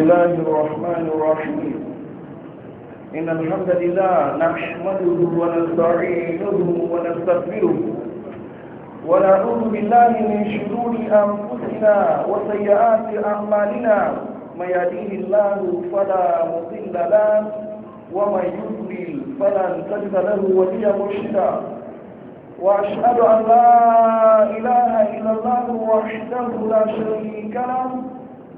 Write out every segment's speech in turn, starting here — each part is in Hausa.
الله الرحمن الرحيم إن الحمد لله نحمده ونستعينه ونستغفره ونعوذ بالله من شرور أنفسنا وسيئات أعمالنا ما يهديه الله فلا مضل له ومن يضلل فلا تجد له وليا مرشدا وأشهد أن لا إله إلا الله وحده لا شريك له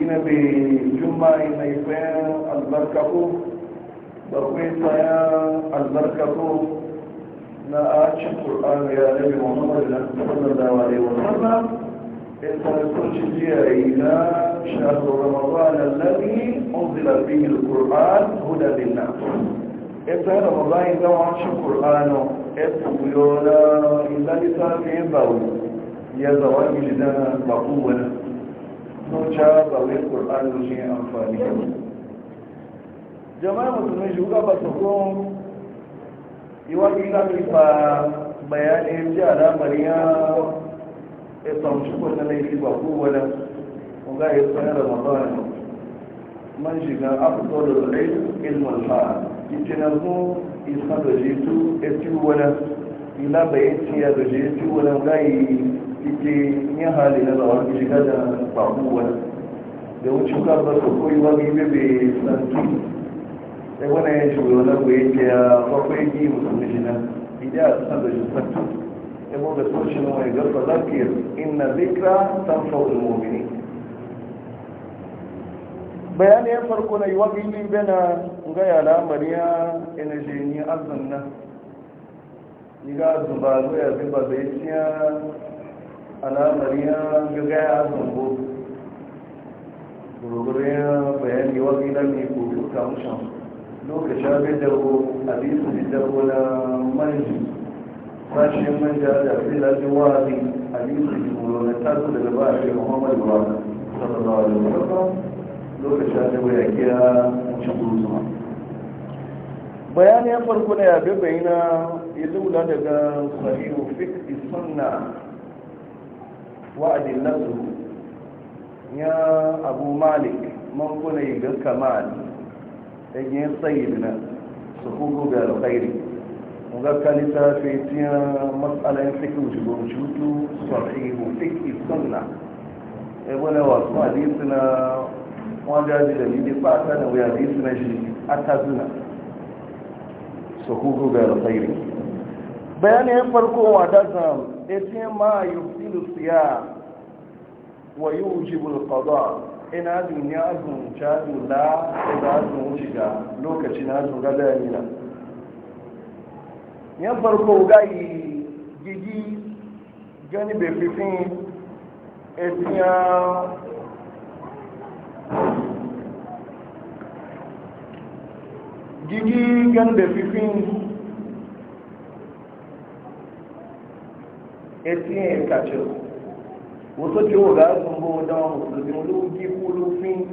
ina be juma'i mai kwayan albarkaku da kwai tsayan albarkaku na acin ƙur'an ya rabe muhammadu na sallallahu alaihi wasallam in sarrafa jiya yi na shahararru ramadan allazi unzila fihi alquran huda linnas in ta ramadan ya zama acin ƙur'ano ya tuyo na ilali sarfin bawu ya zawa gidan bakuwa caza wai ƙur'ani shi amfani da jama'a musulmi ba su kun iwaki sami fa bayanin ji alamar ya isan shi kwanan laifi ba ko kowane ga ya tsaye da mazaunin man shiga afirka da zai ilmin fa kitinan mu isa da jitu ya ci wani ila bayan ciya da jitu wani yi ite yin hali na zawar shiga da babu wani da wucin karbar da koyi wani bebe santu sai wani ya shiga wani ku yake ya kwakwai yi musulmi shi nan idan a san da shi santu ya mu da soshi na wani garfa zakir inna zikra tanfa ulmomini bayani ya farko na yi wakili bena ga yara mariya energy ni azumna. nan ni ga zuba zuwa zuba zai ciya al'amari ya gaga ya zambo gurgurin bayani wani lami ko duka mushan lokacin abin da ko abin da ko na manji sashen manja da fi lafin wa'azi abin da ko na taso daga ba a shirin muhammadu ba sallallahu alaihi wasallam lokacin da ya kira mushan gurgurin bayani ya farko na yabe bayina ya lula daga sahihu fiqh sunna wa'adin nasu ya abu malik mankuna yi gaska ma'adi ɗan yin tsayin na su hugu ga alkhairi mu gaska littafi tiya matsalar cikin shugon cutu sarihu duk isunna ya gwane wasu hadisi na wanda ya da lidi fata da wuya hadisi na shi a tazuna su hugu ga alkhairi bayanin farko wa dazan ya ce ma yi يفسد الصيام ويوجب القضاء إن أدن يأذن شاد لا إذا أذن وشكا لوكا شنازو غدا يمينا ينفرقوا غاي جيجي جاني بفيفين إتيان جيجي جاني بفيفين etinye nkacha wato ce wa ga azun ló da wa musulmi wani wuki kulu fin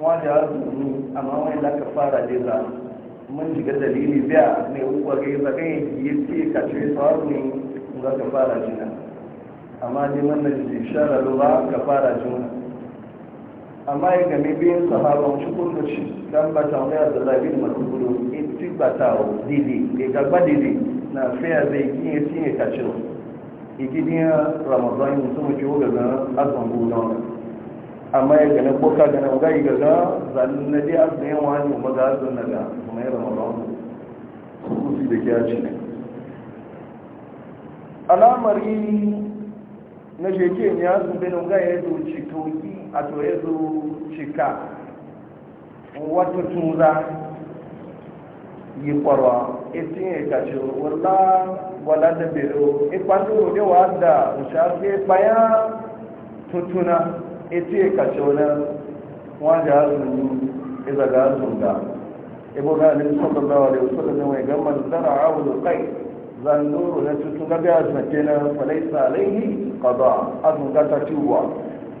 wani azumi amma wani da ka fara da za mun shiga dalili biya ne kwarai zakai yi ce ka ce tsawon za ka fara jina amma ne wannan da shara lura ka fara juna amma ya game biyan sahaban shi ta wani da labin masu bí in ta wa didi ya gaba didi na fiya zai kiye cinye kacin ikidiya ramadan yin sun wuce wuga na asan gudu amma ya gane boka gane ga yi gaga zanen na je asan yin wani kuma ga asan na ga kuma ya ramadan su kusi da kya ce alamari na sheke ya sun benin ga ya zo cikoki a to ya zo cika wata tunza yi kwarwa etinye kacho wala wala da bero ipandu e ne wa da mushafe baya tutuna etinye kacho na wajen azuru iza e ga azunga ibo e ga ne sallallahu alaihi wasallam ne mai gamman zara'a wal qai zanduru na tutuna biya zakena falaisa alaihi qada azunga ta tuwa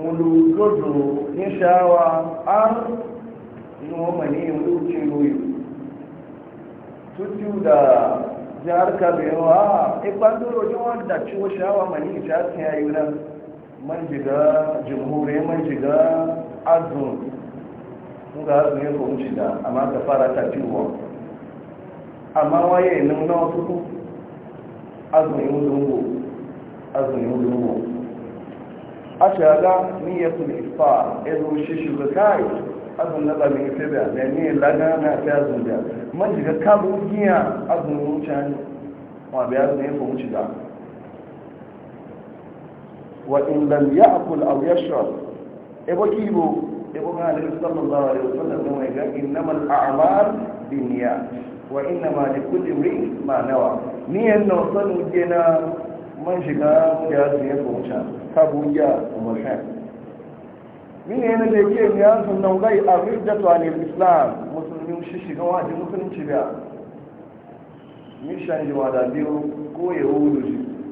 mulugodo ní ṣáwà ar inú ọmọ ní ìlú chiloyo tútù da jihar kabiro a ikpandoro ni wọ́n da ciwo ṣáwà mọ̀ ní ìṣá tí a yíra man jiga jimhure man jiga azun n ga azun yẹ kòun ṣida amma ka fara ta ciwo amma waye nuna wasu azun yi wuzungo azun yi wuzungo ashaga niyatul iftar ezo shi shuga kai azun na zamin ife da da ne laga na ta azun da man shiga kabu giya azun wucin wa biya azun ya fumu shiga wa in lam ya'kul da wa ma nawa kabuya umarhan min yana da ke ya sunan gai a riddatu anil islam musulmin shi shiga wajen musulunci da mishan jiwa da biyu ko yahudu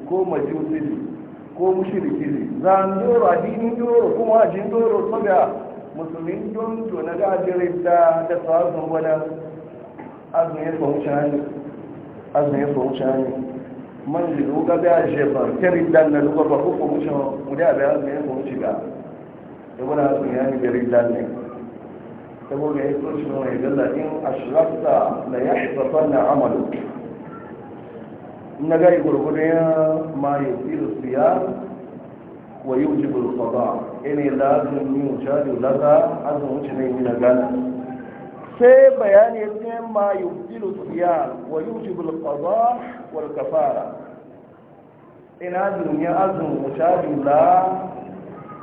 ko majusi ko mushriki ne a doro addinin doro kuma wajen doro saboda musulmin don to na gajirar da da tsawon wani azumin ya fahimci hanyar man ji ruga bai a shefar kari dan na ruga ba ko kuma shi wuri a bayan mai kuma shiga da wani hasu ya ni gari dan ne ya so shi mai gaza in ashirafta na ya na amalu na gari gurgudu ya ma yi tsiru siya wa yi wuce gurgudu ba ina lazin yi wuce wuce na yi na gana sai bayani ne ma yubdilu siyar wa yujibul qada wal kafara ina duniya azun mushabin la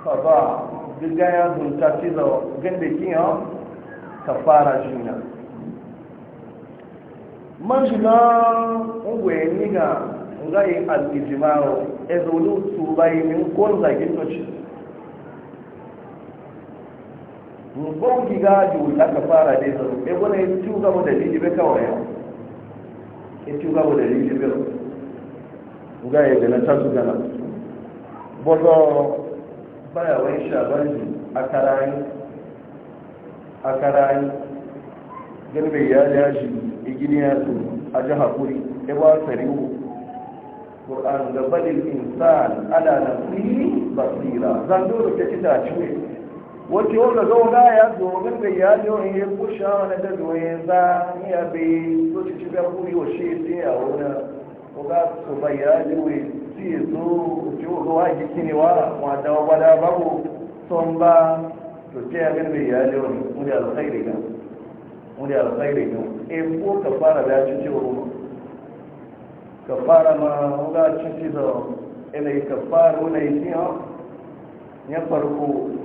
qada diga ya dun ta ci da gande kiyo kafara shina man shiga ungwe niga ngai al-ijma'u ezulu tubai min kon zagin to rubon giga juwul aka fara ne zaro e wani ya ci gaba da lijibe kawai ya ci gaba da lijibe ga ya gana ta su gana bodo baya wai shabanji a karayi a karayi galibin ya jashi igini ya su a ji haƙuri ya ba sari'u ƙur'an gabanin insan ala ba basira zan dole ta ci ta ciwe wacce wanda zauna ya domin da ya yi ya kusha wani da zoye za ni a bai so ci ci garku yi wa shi sai a wani ko ga su bai ya jiwe si zo ci wa zuwa jiki ne wa wata wada babu son ba to ce ya gani ya ji wani wani alkhairi ga wani alkhairi ga e ko ka fara da ci ci wa ka fara ma wani ci ci da ina ka fara wani ci ya farko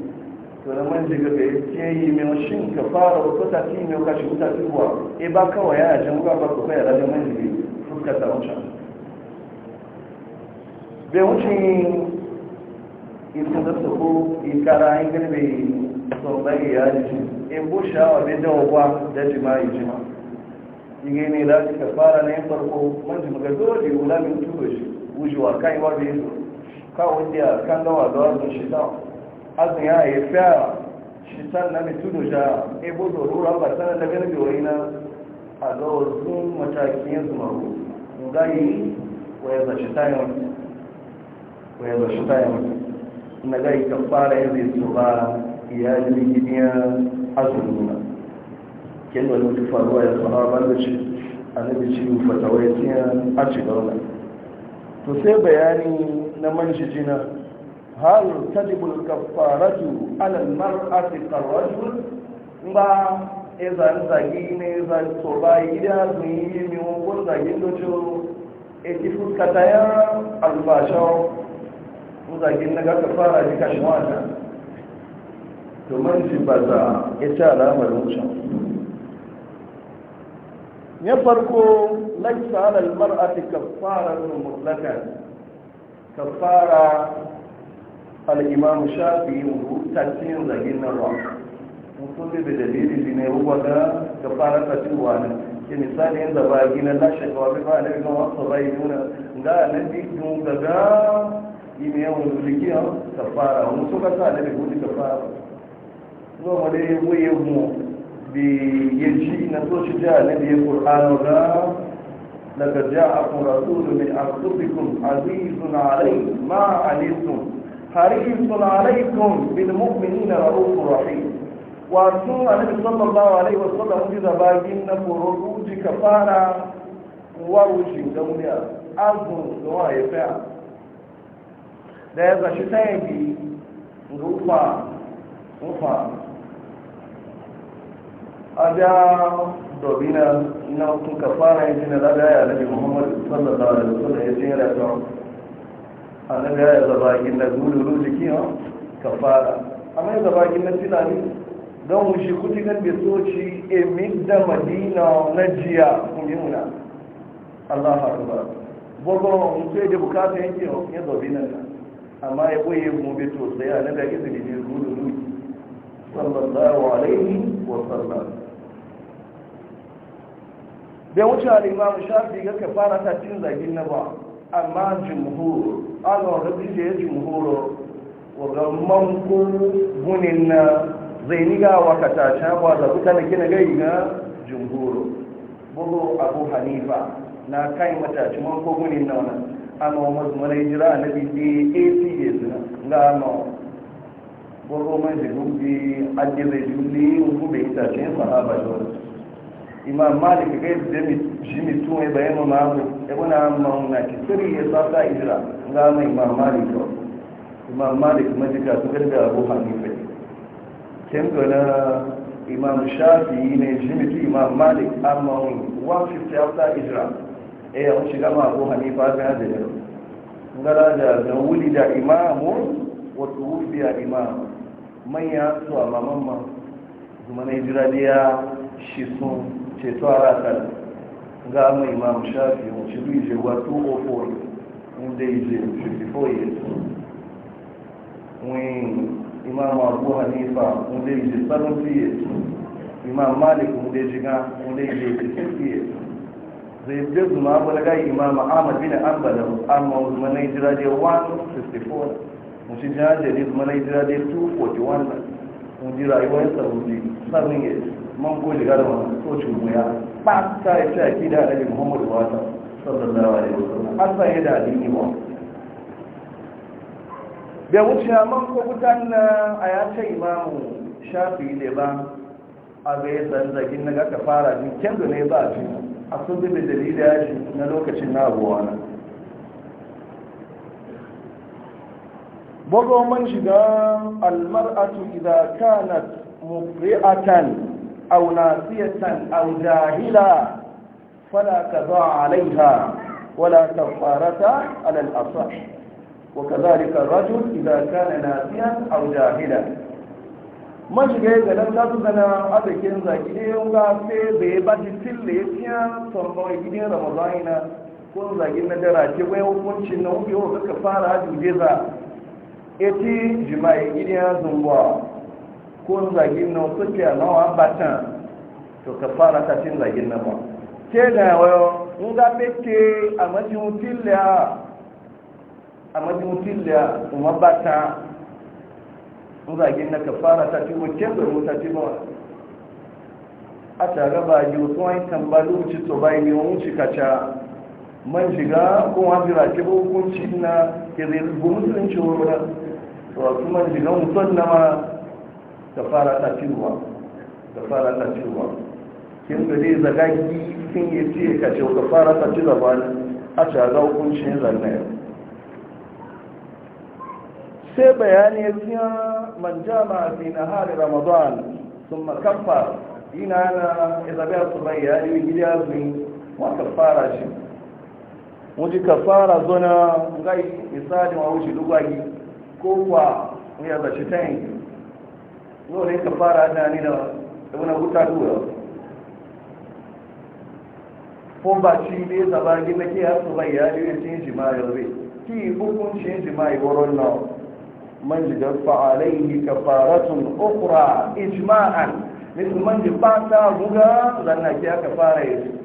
tona man jiga da ya ce que mai shin ka fara wata tafi mai kashi wuta tuwa e ba é ya jan ga ba ku fayar da man jiga fuska ta wuce bai wuce isin da suku ikara an gani bai tsombari ya ji in busha wa bai dawowa da jima'i jima ige ne da ka fara na yin farko man jiga dole wula min tuba shi wujewa kaiwa bai zo kawo da azin ya yi fiya shi san na mitu da sha ebo da ruran ba sanar da gani biyoyi na a zawar sun matakin yin zumaru yi waya za shi tayon waya za shi tayon na gayi ka fara ya zai su ba yi iyalin gidiyan azumuna kin da wani faruwa ya sahabar da shi annabi ciwo waya tiyan a cikin to sai bayani na manshi jina هل تجب الكفارة على المرأة كالرجل با إذا زجين إذا صبايا زميم وقل زجين دجو إتفوت كتايا الفاشا وزجين نجا كفارة كشوانا domin في بزا za مرموشا ita alamar على المرأة كفارة laisa كفارة al'imamu shafi yin tattalin zagin nan ruwa mutum da dalili shi ne ruwa ga ga fara tattalwa ne ke misali yin zaba gina lashe kawai bai fara daga wasu bai nuna ga nan bikin gaga yi mai yawan zulikiya ta fara wani suka sa da bai gudu ta fara zuwa ma dai waye mu bi yanci na so shi jiya na biyan ƙur'anu ga لقد جاءكم رسول من أنفسكم عزيز عليه ما عنيتم حريص عليكم بالمؤمنين رؤوف رحيم wasu annabi sallallahu alaihi wasallam ji da bagin na korodu ji ka fara wa wuce da muniya azun da wa ya fa da ya zashi ta yi rufa rufa ada dobina na kun ka fara yin da da ya nabi muhammad sallallahu alaihi wasallam ya tsira da a ya zaba kin da gururu ki ha kafara amma ya zaba kin na tunani don shi kuti kan bi soci e da madina na jiya muna Allahu akbar bogo sai da bukata yake ya zobi nan amma ya boye mu bi to sai annabi ya kisa ni gudu. gururu sallallahu alaihi wa sallam bai wuce al'imam shafi ga ka fara ta cin zagin na ba amma jumhur an wani dije jumhuro waga manko gunin na zai niga wakata shawa da kuka na kina gai na jumhuro bugu abu hanifa na kai mataci manko gunin na wani amma mazmana jira na bidi aps na ga ma bugu mai jirgin adi zai jirgin gube itacen sahaba imam malik gai da jimi tun ya bayan ma mamu ya wana mamu na ki sirri ya sata ijira ga mai imam malik ba imam malik majika su garga abu hanifa kin na imam shafi ne jimi tu imam malik amma wani 150 after ijira eh an shiga ma abu hanifa ga da yaro ngala da da wuli da imamu wa tuwfiya imam manya su a mamma zuma na ijira da ya shi sun ceto a ratar ga mu imam shafi mu ci bi wa 204 inda je 54 years wani imam abu hanifa inda je 70 years imam malik inda je ga inda je 60 years zai bi zuma abu da gai imam ahmad bin ambala amma zuma na hijira dai 164 mu ci jira dai zuma na hijira dai 241 mu ji rayuwar saudi 7 years man ko da garba so ci mu ba ta yi ta ki da Annabi Muhammadu wata ta sallallahu alaihi wasallam an sai da addini ba bai wuce man ko gutan na a ya ce imamu shafi ne ba a ga ya zanzagin na ga fara din kendo ne ba shi a sun bi da dalilin ya shi na lokacin na abuwa na bugo man shiga almar'atu idza kanat mufri'atan أو ناسية أو جاهلة فلا قضاء عليها ولا كفارة على الأصح وكذلك الرجل إذا كان ناسيا أو جاهلا man shiga ga nan ta zana a bikin zaki ne da ya ba shi tille ya fiya tambawai gidan ramazani na kun zagin na dara ke bai hukuncin na wuce wa fara duje za ya ci jima'i gidan zumbuwa ko zagin nan suke nawa batan to ka fara ta cin zagin nan ba ke na wayo in ga beke a majin tiliya a majin tiliya kuma bata in zagin na ka fara ta cin wace da wuta ci ba a tare ba yi wasu wani tambalu ci to bai ne wani ci man shiga ko wani jirage ba hukunci na ke zai rubu musulunci wurin to a kuma shiga na ma da fara ta ciruwa da fara ta ciruwa kin da zai zaga kin yi ce ka ce ka fara ta ci zaba a shaga hukuncin zanne sai bayani ya man jama fi nahari ramadan sun makafa ina na izabiyar su bai ya yi gida zai wata fara shi wuji ka fara zona gai misali ma wuce dugwagi ko kwa ya zaci ta yanki no ne ka fara da ni da wani huta duwa ko ba shi ne zaba gina ke ya su bai ya yi cin jima'i rai ki hukuncin jima'i wurin nan man jiga fa'alaihi kafaratun ukhra ijma'an musulman ji fata guga zanna ki aka fara yi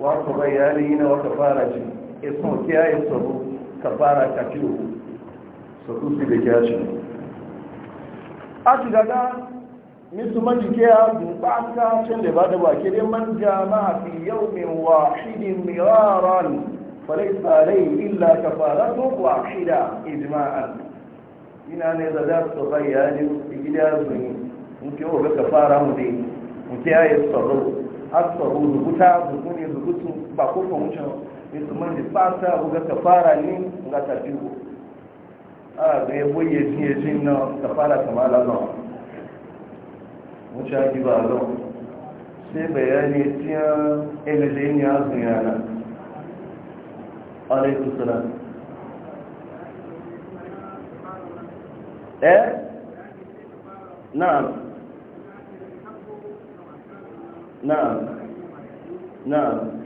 wa su bai ya yi na wata fara ji isun kiyaye ka kafara kafiru sabu su da ci. a shiga ga nisu majike ya zuba ta cin da ba da ba ke man jama'a fi yau min wahidin miraran falai tsarai illa ka fara to wahida ijma'an ina ne da za su bayyani gida su yi nke yau ga kafara mu dai ke ya yi tsaro a tsaro rubuta zuku ne rubutu ba kofin wucin nisu man da fata ga kafara ne ga tafiya a ga ya boye jin ya jin na ta fara kama lazon wuce ki ba zon sai bayani tiyan ilirin ya na alaikun salam eh na'am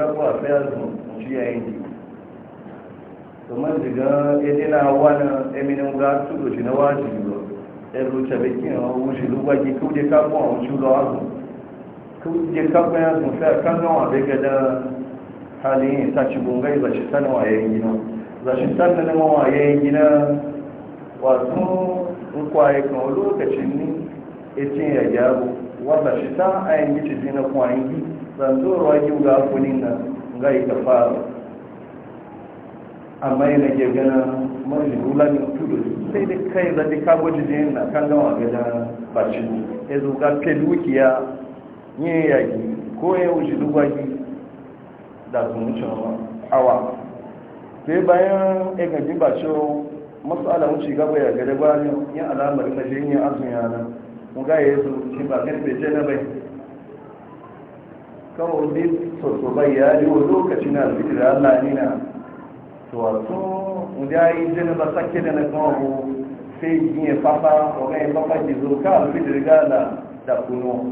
kápọ̀ àfẹ́ àzùn ojú ẹ̀yìn to man jiga edina wani eminin ga tudu shi na waji yiwu e ẹrù a wuce lúgbàjí kúdé kápọ̀ àwọn ojú lọ àzùn kúdé kápọ̀ àzùn fẹ́ kángan àbẹ́gẹ́dá halin ta ci gungai ba shi sanin wayayin gina za shi sanin wayayin gina wasu nkwaye kan lokacin ni etin ya gyaru wata shi ta ayin gici zina zandoro ake ga akunin na ga yi kafara amma yana ke gana mai rulamin tudu sai da kai zaɗi kago jijin na kan gama gada bashi ya zo ga felukiya yin yaki ko ya wuce dubaki da zunucin awa sai bayan ya gajin bashi matsala mun shiga ya gada bayan yin alamar na jini azumiya yana mu ga ya zo ba kan bai jana bai kawo da soso bai ya wa lokaci na zikir Allah ni na to wato da yi jini ba sake da na kawo sai yi ya fafa wa ga fafa ki zo ka alfitir gala da kuno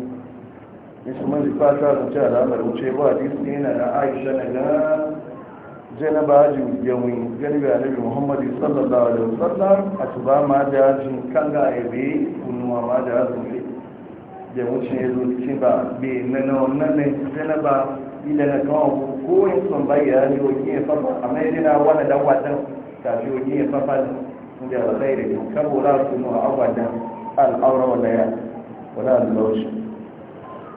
nishi man ji fata da ce alamar wuce ba hadisi ne na aisha na ga jana ba ji yawon gani ga annabi muhammadu sallallahu alaihi wasallam a tuba ma da jin kanga ebe kunuwa ma da azumi da wuce ya zo ba bai na wannan ba ila na kawo ko yin sun bai ya ji wani fa fafa amma ya na wani dan wadan ta ji wani fa fafa da ba zai da yau kabo za su mu a agwadan al'aura wanda ya wani al'aushi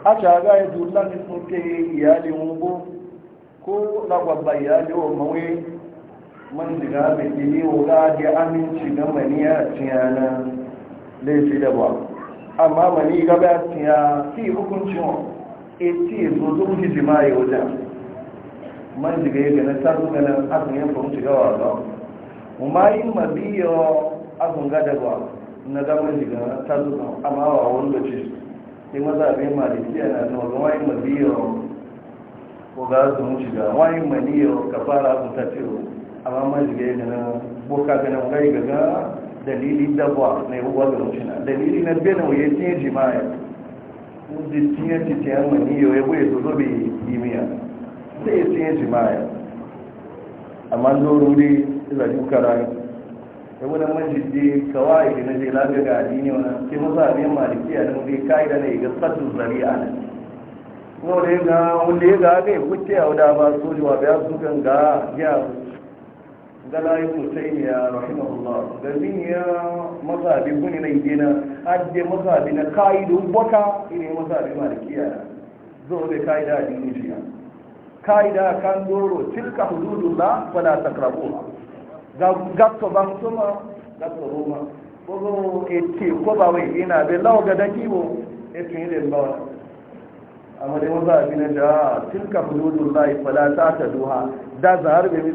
a ta ga yi zuwa ne sun ke iyalin wugo ko lagwabba iyalin wa mawai man diga mai kili wuga da aminci ga maniya ciyana laifi da ba amma mani gaba ya fi hukuncin eti zo zo mu jima ya wajen man jiga ya gana ta zo ganin azun ya famu shiga wa ba ma yi mabiyo azun gada ba na gama jiga ta zo ga amma wa wani lokaci sai maza abin malikiya na zama ga wayin mabiyo ko ga azun mu shiga wayin maniyo ka fara azun ta ciro amma man jiga ya gana boka ganin gai gaga dalili dabwa na yahuwa da mushina dalili na bena ya tinye jimaya ndi tinye titiyan mani yau ya buye zozo bai imiya sai ya tinye jimaya amma zoro dai zaji kara ya wani majidde kawai da na je lafiya ga adini wani sai maza a malikiya da mutu kai da ne ga sattu zari'a ne wanda ya ga wanda ya ga ga ya kuce a wada ba sojuwa bayan su kan ga ya galayi hussein ya rahimahullah da min ya na gina na zo da ka'ida a dini kan doro tilka hududullah fala ga gatto ban suma gatto roma ete ko ba wai ina be ga amma dai da tilka hududullah fala ta duha da zahar be mi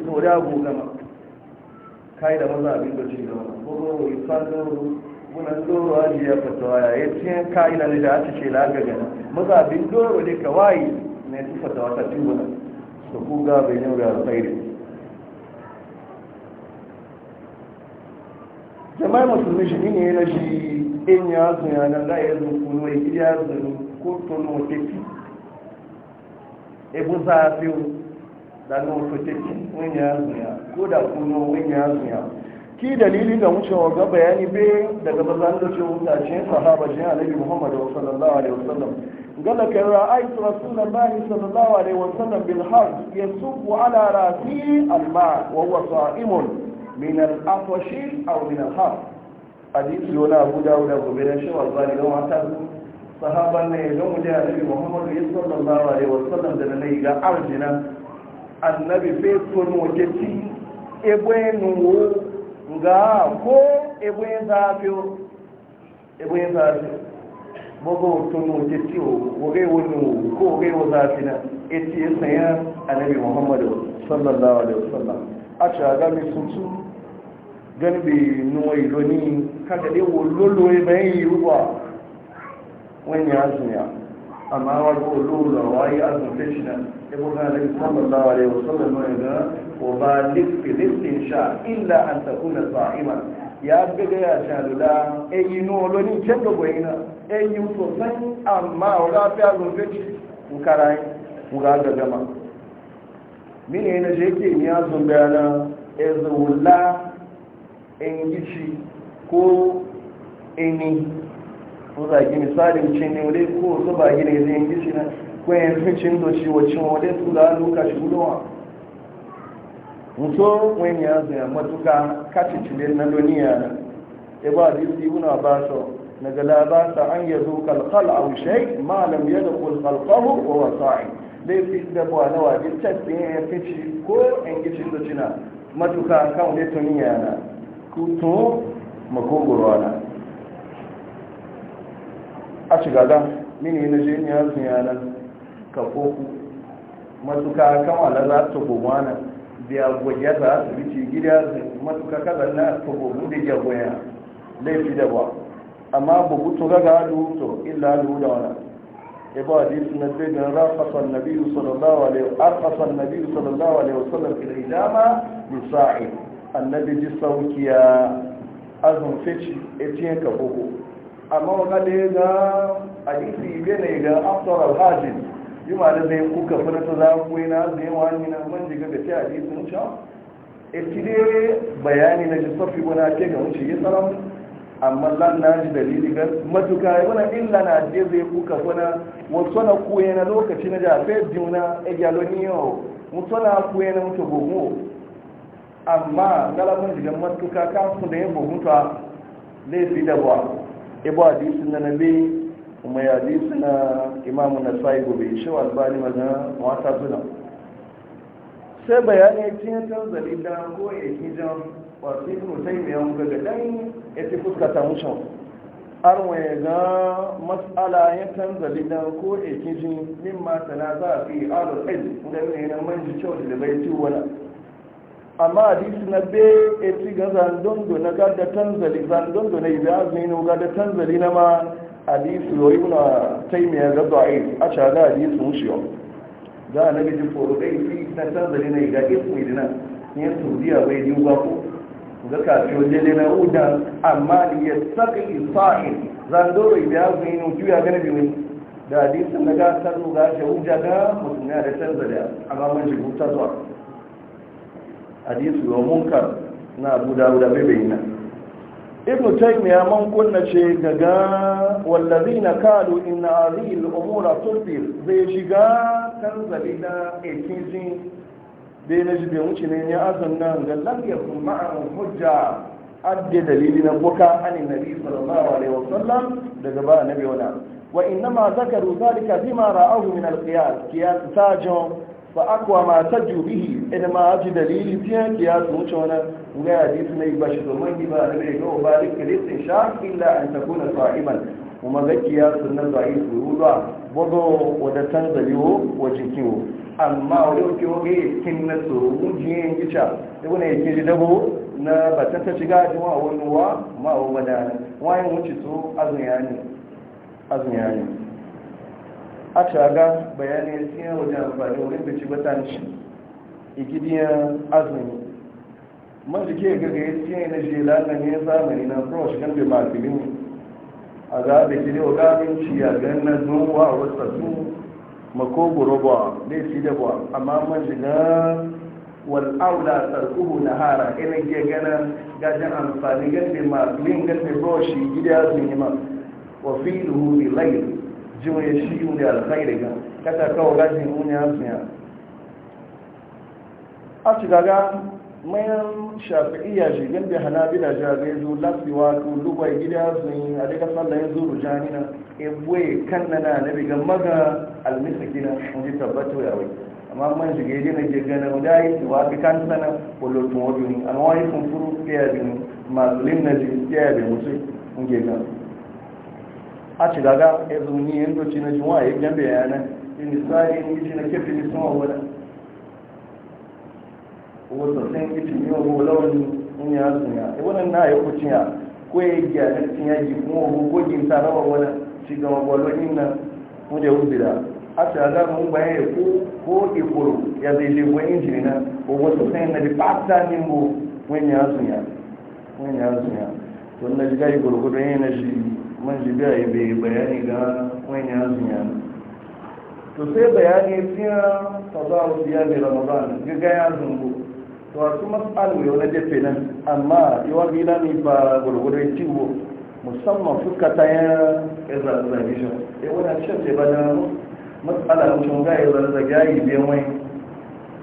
kai da maza abin da ce da ko ko ifado muna doro aji ya fatawa ya yi cikin kai na da ta ce laga gana maza abin doro ne kawai ne su fatawa ta ci wani su ku ga bai ne ga alfairi jama'a musulmi shi ne na shi in ya zo ya nan da ya zo kuno ya zo ko tono tefi za sa fiye daga fitaki wani ya zuya ko da kuma wani ya zuya ki dalili da wucewa ga bayani be daga bazan da ce mutacin sahaba jin alaihi muhammad sallallahu alaihi wasallam gala ka ra'aytu rasulullahi sallallahu alaihi wasallam bil haq yasubu ala rasi alma wa huwa sa'imun min al afwashi aw min al haf. hadith yona abu dawud da gobe shi wa zali don hata sahaba ne don mutacin alaihi muhammad sallallahu alaihi wasallam da ne ga arjina annabi fetur wakilci ebe nuwo ga ko ebe zafi ebe zafi gbogbo tun wakilci wore wani ko wore wa zafi na e ya sanya annabi muhammadu sallallahu alaihi wasallam a shaga mai sutu gani bi nuwa iloni kaga dai wo lolo ebe yi ruwa wani ya zuya amma wajen lolo wa yi azun fashina يقول النبي صلى الله عليه ya gaga ya shalula eyi nolo ni ke dogo ina eyi sosai amma wala fi a zofe ci nkarai wuga ga gama mini yana je ke ni ya zun bayana ezewula engici ko eni ko zagi misalin ne wale ko so ba gina zai engici na kwayan fincin doci wacin wadai tura lokaci gudowa mutu wani ya matuka kaci cilin na duniya ya ba disi wuna ba su na galaba ta an yi zo kalkal a wushai malam ya da kulkalkahu wa wasa'i laifin da ba na wajen tattin ya fici ko yan gicin doci na matuka kan wadai tuniya na kuto makogoro na a shiga da mini na je ni ya kafoku matuka kamala za su na biya goya za su bici gida matuka kaza na su gomu da jagoya laifi da ba amma bugu to ga halu to illa halu da wani ibu hadis na sai da rafasan nabi sallallahu alaihi arfasan nabi sallallahu alaihi wasallam fil hijama bi sa'i annabi ji saukiya azun fici etiyen kafoku amma wani da ya ga hadisi bene ga aftar al-hajin yi ma da zai kuka fana ta za ku yana zai wani na man jiga da ta yi sun ca eti dai bayani na ji safi wani ake ga wuce yi tsaron amma lan na ji dalili ga matuka yi wani illa na je zai kuka fana wasu na kuye na lokaci na jafe juna a yau wasu na kuye na mutu gomo amma galaman jiga matuka kafin da ya bugunta laifi da ba ibo e, a jisun na nabi kuma ya ji suna imamu na sai gobe shi wa albani mazana wata suna sai bayani ya cinye ta da ko ya ki jan wasu ibn taimi mai muka ga dan ya ci fuska ta mushan har wani ga matsala ya kan zalita ko ya ki jin min ma tana za a fi arun ilm da ne na manji kyau da bai ci wani amma hadisi na be a ci ga zandondo na gada tanzali zandondo na ibi azumi na gada tanzali na ma hadisi yoyi muna taimiyar a da'i a shaga hadisi mushiyo za a nabi jin foro dai fi na tanzali na iga isu idina yin turbiya bai yi ba ko ga kafiyo jele na uda amma ni ya saka isa'in zandoro ibiya zai yi nuki ya gani biyu da hadisin na ga sarnu ga shi hujja ga musulmi da tanzali a mun shi gusta zuwa hadisi yo munkar na abu dawuda bai bayyana ibn taymiya man kunna ce daga wallazina kalu inna hadhihi al-umura tulbir zai shiga kan zalina ekiji dai na jibe wuce ne ya azan nan ga lam yakun ma'ahu hujja adda dalili na buka an nabi sallallahu alaihi wasallam daga ba nabi wala wa ma zakaru zalika bima ra'ahu min al-qiyas qiyas sajo fa aqwa ma tajju bihi idan ma aji dalili tiyan qiyas wuce wannan ji hadisi yi ba shi domin yi ba da bai ga ba duk kristin sha illa an ta kuna sa'iman kuma gaskiya sunan za'i su ruwa bogo wada tan zaliwo wa kiwo amma wani oke oge kin na su mujiyen gica da wani yake ji dabo na batan ta shiga jima a wani wa ma a wani wayan wuce su azumiya ne a shaga bayanin siya wajen amfani wurin bici batanci igidiyar azumi man jike ga ga yace na jela na ne zamani na brush kan be ma a za da kire wa gamin ci a ga na zuwa wasa su makogoro ba ne shi da ba amma man jiga wal aula tarkuhu nahara ina ke gana gajan amfani ga be ma filin ga be brush gida sun yi ma wa filuhu bi layl ya shi yuni alkhairi ga kata kawo gajin yuni ya a shiga um um ga mayan shafi'iyya shi gambe da jabe zu lafiwa ku lugwai gida su yi a daga sallah ya zuru janina ebuwe kan na na bi ga maga almisa gina sun ji tabbatu ya wai amma man shiga yi na ke gana guda yi su wa fi kan sana kullum wa biyu an wani sun furu tsaya biyu masu limna ji tsaya biyu mutu, in ke gana a ci daga ya zuni yin doci na jiwa ya gambe ya yana in nisa in yi shi na kefin sun wa wadanda wato sun kici yau launi in ya sunya e wannan na ya kuciya ko ya yi a cikin yaji kuma ko gogin ta rawa ga mu da a tsada bayan ya ko ko ikoro ya zai je wani injini na ko wato na da fata ne mu wani ya sunya wani ya sunya to na na shi man ji ya bayani ga wani ya sunya bayani ramadan wasu matsalu yau na jefe nan amma yawa gina ne ba gurgurai ciwo musamman fuska ta yin zarzage shi ya eh, wani ce ba na matsala mutum ga ya zarzage ya yi biyan wani eh,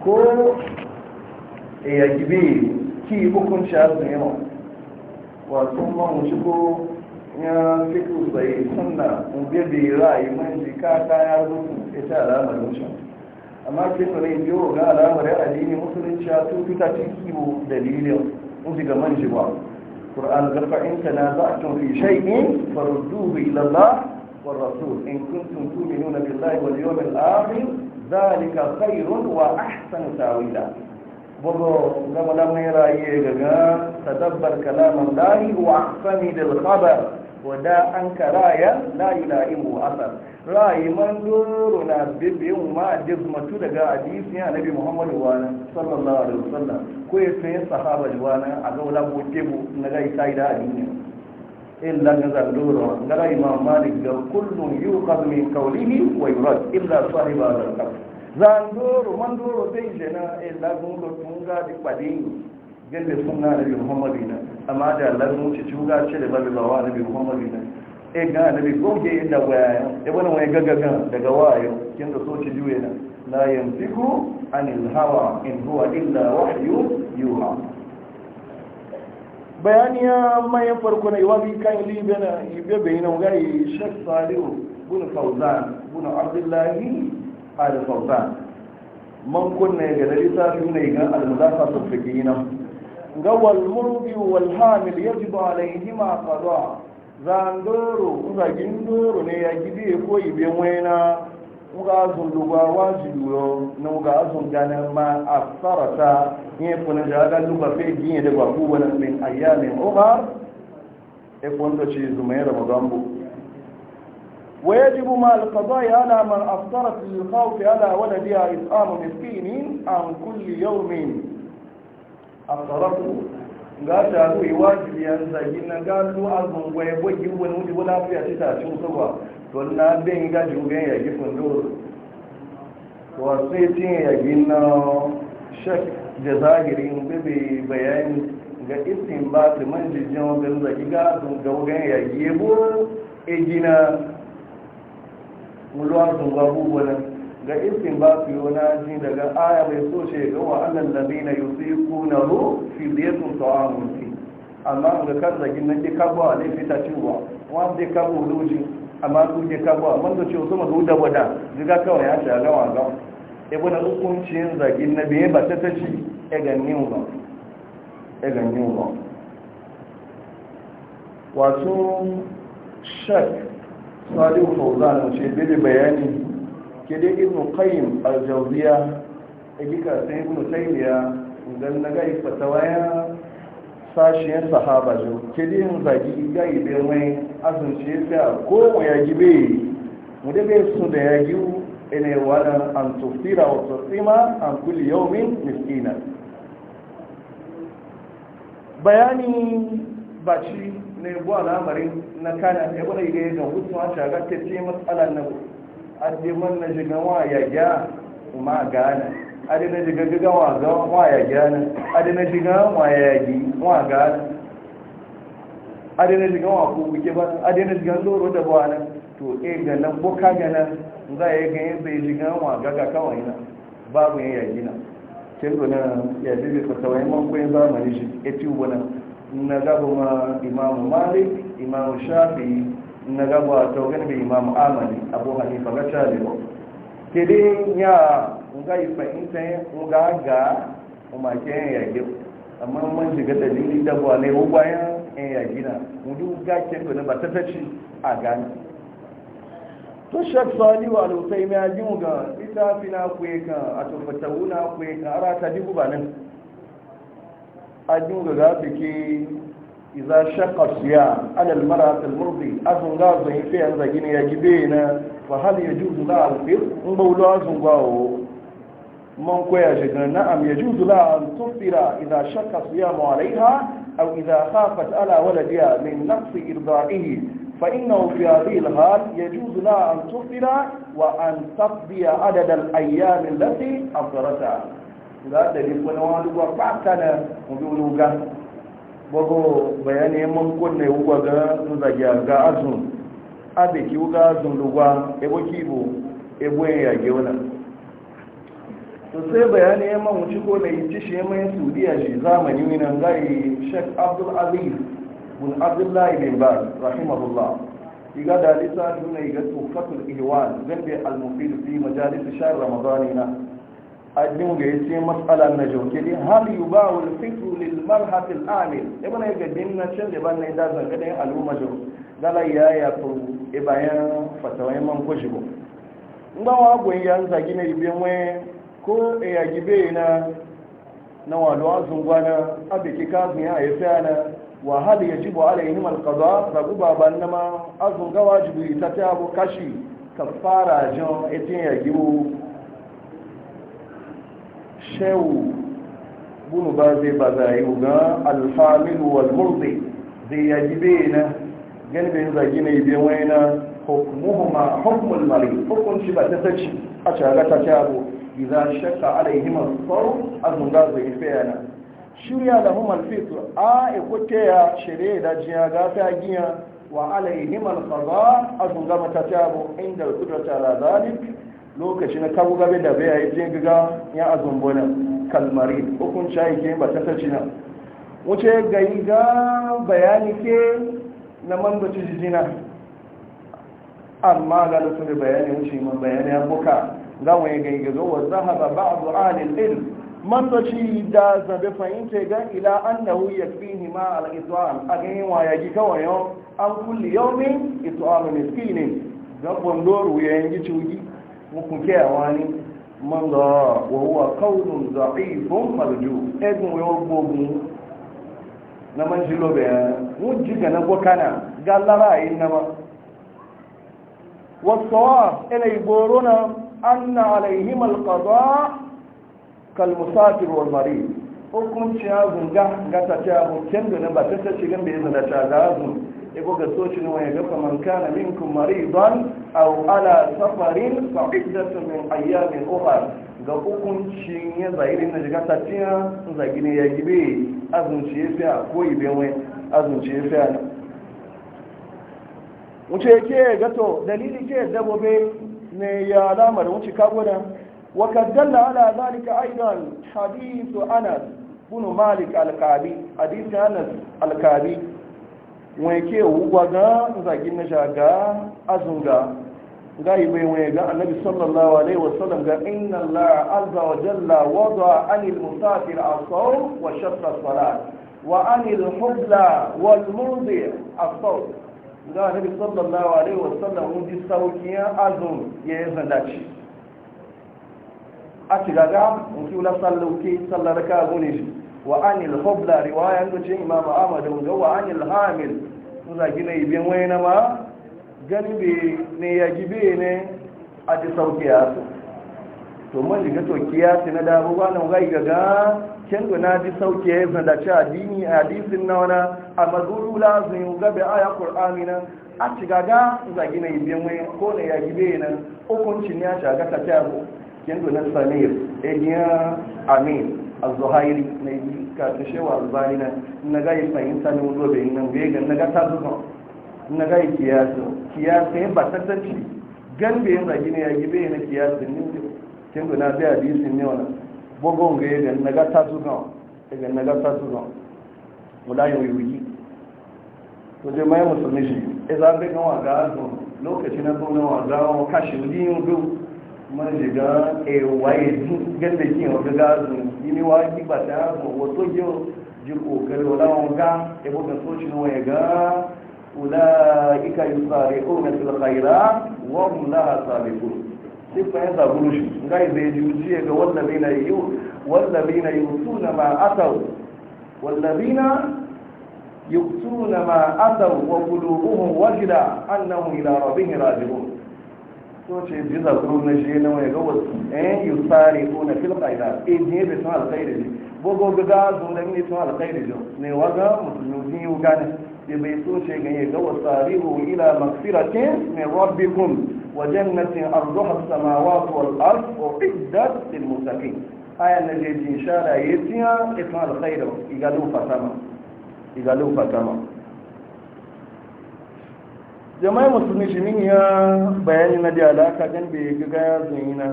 ko ya gibe ki hukunci a su yawa wasu mamuci ko ya fiku sai suna ubebe ra'ayi man jika ta ya zuku ita alamar mutum amma ke tsare biyo ga alamar addini musulunci a tututa cikiwo dalilin musu ga manji ba ƙur'an zarfa'in na za a tun fi faru farudduhu ilallah wa rasul in kuntum tu'minuna billahi wal yawmil akhir zalika khairun wa ahsanu tawila bogo gama lamun rayi ga ga tadabbar kalam Allah wa ahsani lil khabar wada an ka rayan la yula'imu asar rayi man doro na bibin ma dizmatu daga hadisi ya nabi muhammad wani sallallahu alaihi wasallam ko ya tsaye sahaba wani a ga wala ko tebu na ga isa ida in illa ga zandoro ga rayi ma malik ga kullum yuqad min qawlihi wa yurad illa sahiba al Zan zandoro man doro sai jana illa gungo tunga di padini yadda suna nabi muhammadu na amma da larnu ci cuga ce da babu bawa nabi muhammadu na e ga bi goge inda waya ya wani e wani gaggaga daga wayo kin da so ci juye na la yanfiku anil hawa in huwa illa wahyu yuha bayani ya mayan farko na iwa bi kan libe na ibe bayinan gari shek salihu bunu fauzan bunu abdullahi al fauzan man kunne ga da littafi ne ga al-mudafatu fiqhina gawal almurbi wal hamil yajibu alaihima qada zan doro uga gindoro ne ya gibe ko ibe wena uga zunduwa wajiyo na uga zungana ma asarata ne kuna jaga duba fe giye da ba ku wannan min ayyamin uga e fondo ci zumaira magambo ويجب ما القضاء على من أفطرت للخوف على ولدها إطعام مسكين عن كل يوم a tsarafu ga ta ruwa ya zagi na gano azun gwaye gwagi wani wuce wani afiya ce ta cin soba to na bin ga jugen ya gifin doro wasu ya cin ya gina shak da zagirin bebe bayani ga isin ba su man jijiyar wajen zagi ga azun ya gebo e gina mulu azun gwa ga isin ba su yi na ji daga aya mai so ce ga wa'annan labi na yi ku na kuna ru fi da yasun sa'a mutu amma ga kan zagin na ke kabo a laifin ta ciwa wanda ke kabo luji amma su ke kabo a wanda ce wasu mazu da wada jiga kawai ya shaga waga ebe na hukuncin zagin na biye ba ta ta ci egan ba egan new ba wato shak salihu fauzan ce bayani ke dai ibn qayyim al-jawziya a sai ibn taymiya idan na gai fatawa ya sashiyan sahaba jo ke dai mun zagi ga ibe mai shi ta ko ya gibe mu da bai su da ya giu ene wala an tufira wa tusima an kulli yawmin miskina bayani baci ne bu al'amarin na kana ya wani ga hutun a shagar ke matsalar na adi man na shiga wa ya gya ma gana adi na shiga gaga wa ga wa ya gana adi na shiga wa ya gi wa gana adi na shiga wa ku ke ba adi na shiga loro da ba na to e ga nan ko ka ga nan za ya ga yin zai shiga wa gaga kawai na babu yin ya gina kin gona ya bibi ko tawai man ko zamani shi e ti wona na gaba ma imamu malik imamu shafi'i na gaba ta wani bai imamu amali abu hanifa ga calewa kede ya nga yi fahimta nga ga umarci yan yage amma man shiga dalili da ba ne ko bayan yan yage na mudu ga kendo na ba ta tace a gani to shek sali wa alusai mai ajin ga ita fina kuye kan a tofatawu na kuye kan ara ta dubu ba nan ajin ga ga fike إذا شق الصيام على المرأة المرضي أظن لازم في أن زجين يجبين فهل يجوز لها الفطر؟ نقول لازم قاو من كويا نعم يجوز لا أن تفطر إذا شق الصيام عليها أو إذا خافت على ولدها من نقص إرضائه فإنه في هذه الحال يجوز لها أن تفطر وأن تقضي عدد الأيام التي أفطرتها. هذا دليل ونوالد وقعتنا وبيقولوا wago bayani ya mankon na yiwuwa ga nuzagya ga azun abe ki wuga azun lugwa ebo kibo ebo yin yage wuna to sai bayani ya man wuce ko ne yi ci shi mai sudiya shi zamani wina gari sheikh abdul aziz bin abdullahi bin baz rahimahullah iga da lisa ga iga tufatul ihwan zan al-mufid fi majalis shahr ramadani na addin ga ya ce matsala na jokiri har yi ba wa fitu lil marhatil amil ibn ya gaddin na cin da ban ne da zanga da al'umma jo dala ya ya furu e bayan fatawai man ko shigo ngba wa gun ya zagi ne ibe we ko e ya gibe na na wa do azun gwana abiki ka zun ya yasa na wa hal yajibu alaihim al qada ba baban nama azun ga wajibi ta ta kashi kafara jon jan e ya gibo shehu bunu ba zai ba za yi ga alhamilu walmurdi zai yaji bai na gani bai zagi ne bai na hukumuhuma hukumul mari hukunci ba ta tace a shagata ta abu idan shakka masu asfaru azunga zai na shirya da humar fitur a ikote ya shirya da jiya gata giya wa alaihim alfaza azunga mata ta abu inda kudrata la lokaci na kabu gabe da bai yi jin giga ya azumbona kalmari hukun shayi ke ba ta taci na wuce ga yi ga bayani ke na man da jijina amma ga da su bayani wuce man bayani ya buka za mu yi ga yi ga zo wa zahaba ba'adu alil ilm man da ci da zabe fahimta ga ila annahu yakfihi ma al-it'am a ganin wa ya ji kawai an kulli yawmin it'am miskinin da bondoro yayin gicugi mukunke awani mando wo huwa ضعيف مرجو marjuu egun yogbogun na manjilo be mujiga na gokana gallara inama والصواب إلى يقولون أن عليهم القضاء كالمسافر والمريض حكم شيء هذا جه جت شيء هذا كم دنا بتسأل شيء كم بيزن هذا شيء هذا يبقى السوشن ويقف من كان منكم مريضا أو على سفر فعدة من أيام أخر ga hukuncin ya نجيكا na shiga يجبي zagi ne ya بيوين azunci ya ko wuce ke gato dalili ke dabobe ne ya alamar wuce kagoda وقد دل على ذلك أيضا حديث أنس malik مالك الكعبي حديث anas الكعبي wọ́n ke wugwa ga zagi na shaga azunga ga yi bai wani ga annabi sallallahu alaihi wasallam ga inna Allah azza wa jalla wada anil musafir asaw wa shatta salat wa anil hubla wal murdi asaw ga annabi sallallahu alaihi wasallam mun ji saukiya azun ya yi zandaci a shiga ga mun ki wula sallauke sallar ka gune shi wa anil hobla riwayan gocin imam ahmad ga wa anil hamil musa gina ibe wani na ma gani ne ya gibe ne a ti sauke ya su to mun diga to kiyasi na da ba na ga gaga kin na ji sauke ya da, ci a hadisin na wana amma zuru lazim ga be aya qur'ani nan a ci gaga za gina ibe wani ko ne ya gibe nan hukuncin ya ci gaga ta ta kin na samir ediya eh, amin azuhairi na yi kafin shewa albani na na ga yi fahimta ne wuzo bai nan bai ga na ga ta zuwa na ga yi kiyasu kiyasu yin ba tattanci gan bai yin zagi ne ya yi bai na kiyasu ne kin guna bai a biyu sun ne wani bugun ga yi ga na ga ta zuwa ga na ga ta zuwa wula yi wuyi to je mai musulmi shi idan bai ga wa ga lokaci na zo na wa ga kashi wuli yin duk manjiga ewaye eh, duk ganda kin wa gaga su yini wa ki ba ta mu wato yo ji kokari wala mu ga e bo ga soci no ya ga ulaika yusari'una fil khairat wa hum la sabiqun sai fa yasa guru shi ngai zai ji uci ga wallabina yu yi yusuna ma atau wallabina yusuna ma atau wa qulubuhum wajda annahum ila rabbihim raji'un so ce jiza kuru na shi na wani gawas ɗayan yi tsari ko na filka ina eh, in ne bai tun alkhairi ne gogo gaga zo da mini tun alkhairi jo ne waga musulmi yi gane ya bai so ce ganye gawas tsari ko ila makfiratin mai rabbikun wa jannatin arzuhar samawatu wal sama wa iddat lil mutaqin aya na je jin ya yetiya itun alkhairi igalo fatama igalo fatama jama'i musulmi shi min ya bayani na da alaka gan bai gaga gaya zunyi na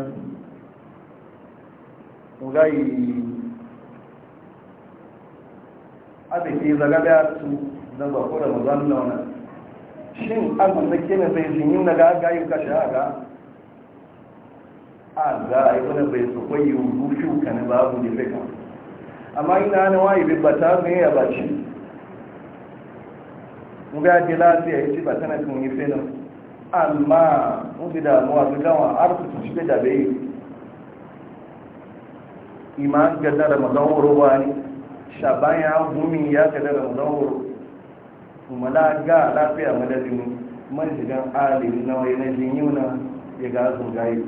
ngayi abin ke zaga da su da bako da mazan launa shin an da ke na zai zunyi na ga gayu ka sha ga a ga a yi wani bai su kwayi rufi ka na babu da fika amma ina na bibba ta zai ya baci muga ji lafiya ya ci ba tana kun yi fena amma mun fi damuwa su gawa har su ci da bai iman gada da mazawuro ba ne shaban ya gumi ya gada da mazawuro kuma ga lafiya madadin manjigan alin na wani na jinyuna ya ga su gayi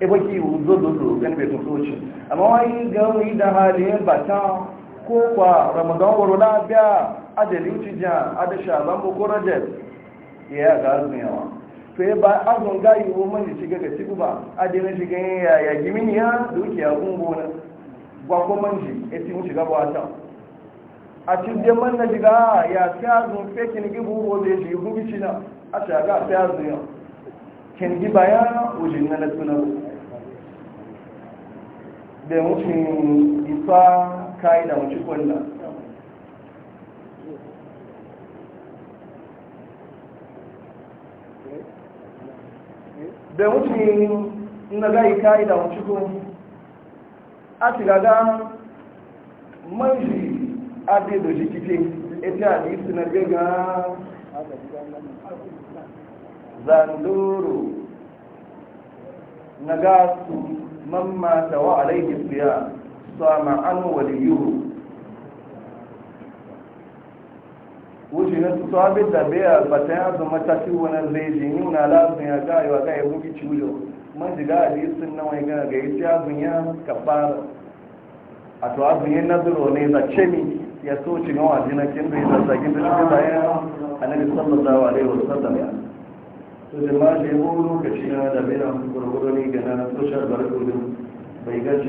e baki zo zo zo kan bai tsoci amma wani ga wani da halin bata ko kwa ramadan wuro lafiya adali wuce jiha ada shaban boko rajab ya ga azumin yawa to ya ba azun gayi wo man shiga ga ciku ba adina shiga ya ya gimini ya dukiya gungo na ba ko man ji eti mu shiga ba ta a cikin man na shiga ya sai azun fekin gibu wo da shi gubi ci na a shaga sai azun ya. kin gi baya ujin na tuna da mutum ifa kai da mutum kwallon da wuce na gai kayi da wuce ko a tigaga manji a dai da shi kike ita a disi na gaga zanduru na gasu mamma da wa alaihi siya sama an waliyuhu wuce na su sabi da biya a ta yi mataki wani zai ji yi na lafin ya ga yawa ga ya buki ciwo ji ga hadisin na wani ga yi ya kabara a to nazaro ne za ce mi ya so ci gawa ji na kin bai zazzagin da shi bayan annabi sallallahu alaihi wasallam ya da lokaci na da bai na gurgurani ga na social bai gaci